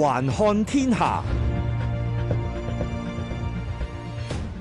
環看天下，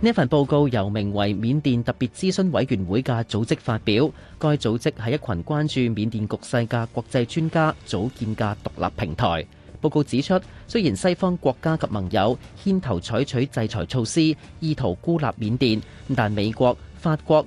呢份報告由名為緬甸特別諮詢委員會嘅組織發表。該組織係一群關注緬甸局勢嘅國際專家組建嘅獨立平台。報告指出，雖然西方國家及盟友牽頭採取制裁措施，意圖孤立緬甸，但美國、法國、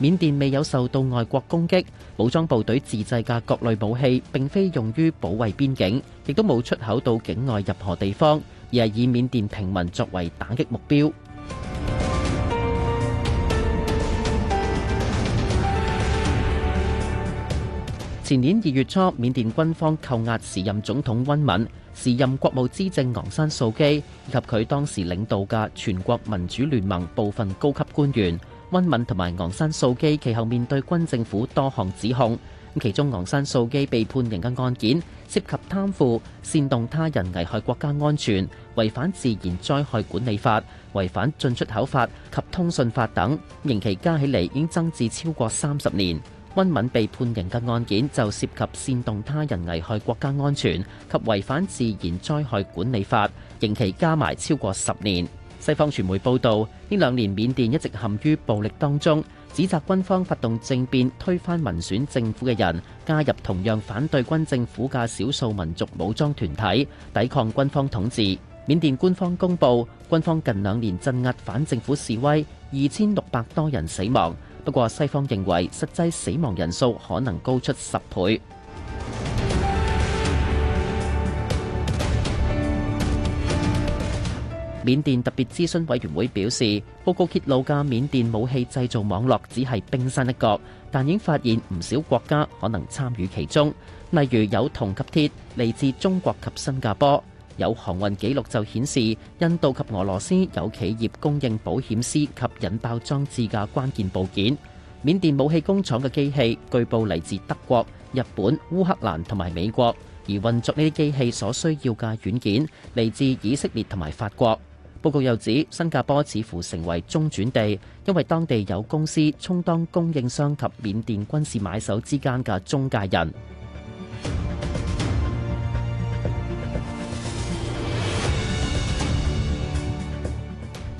緬甸未有受到外國攻擊，武裝部隊自製嘅各類武器，並非用於保衛邊境，亦都冇出口到境外任何地方，而係以緬甸平民作為打擊目標。前年二月初，緬甸軍方扣押時任總統温敏、時任國務資政昂山素基以及佢當時領導嘅全國民主聯盟部分高級官員。温敏同埋昂山素基其後面對軍政府多項指控，咁其中昂山素基被判刑嘅案件涉及貪腐、煽動他人危害國家安全、違反自然災害管理法、違反進出口法及通訊法等，刑期加起嚟已經增至超過三十年。温敏被判刑嘅案件就涉及煽動他人危害國家安全及違反自然災害管理法，刑期加埋超過十年。西方傳媒報道，呢兩年緬甸一直陷於暴力當中，指責軍方發動政變，推翻民選政府嘅人，加入同樣反對軍政府嘅少數民族武裝團體，抵抗軍方統治。緬甸官方公布，軍方近兩年鎮壓反政府示威，二千六百多人死亡，不過西方認為實際死亡人數可能高出十倍。緬甸特別諮詢委員會表示，報告揭露嘅緬甸武器製造網絡只係冰山一角，但已發現唔少國家可能參與其中。例如有銅及鐵嚟自中國及新加坡，有航運記錄就顯示印度及俄羅斯有企業供應保險絲及引爆裝置嘅關鍵部件。緬甸武器工廠嘅機器據報嚟自德國、日本、烏克蘭同埋美國，而運作呢啲機器所需要嘅軟件嚟自以色列同埋法國。報告又指，新加坡似乎成為中轉地，因為當地有公司充當供應商及緬甸軍事買手之間嘅中介人。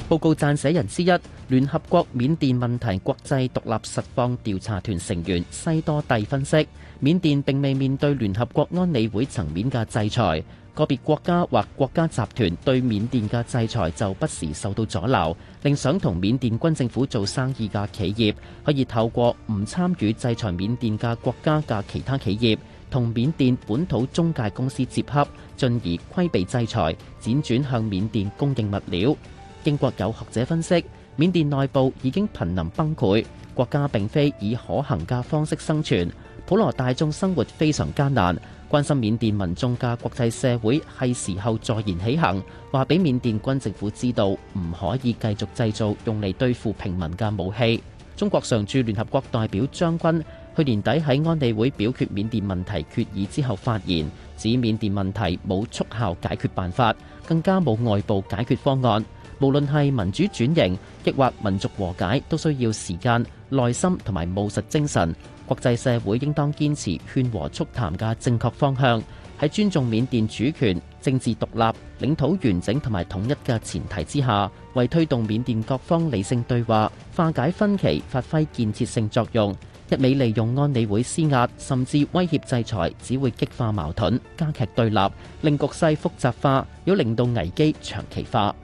報告撰寫人之一，聯合國緬甸問題國際獨立實況調查團成員西多蒂分析，緬甸並未面對聯合國安理會層面嘅制裁，個別國家或國家集團對緬甸嘅制裁就不時受到阻撓，令想同緬甸軍政府做生意嘅企業可以透過唔參與制裁緬甸嘅國家嘅其他企業，同緬甸本土中介公司接洽，進而規避制裁，輾轉向緬甸供應物料。英國有學者分析，緬甸內部已經瀕臨崩潰，國家並非以可行嘅方式生存，普羅大眾生活非常艱難。關心緬甸民眾嘅國際社會係時候坐言起行，話俾緬甸軍政府知道，唔可以繼續製造用嚟對付平民嘅武器。中國常駐聯合國代表張軍去年底喺安理會表決緬甸問題決議之後發言，指緬甸問題冇速效解決辦法，更加冇外部解決方案。無論係民主轉型，抑或民族和解，都需要時間、耐心同埋務實精神。國際社會應當堅持勸和促談嘅正確方向，喺尊重緬甸主權、政治獨立、領土完整同埋統一嘅前提之下，為推動緬甸各方理性對話、化解分歧，發揮建設性作用。一味利用安理會施壓，甚至威脅制裁，只會激化矛盾，加劇對立，令局勢複雜化，要令到危機長期化。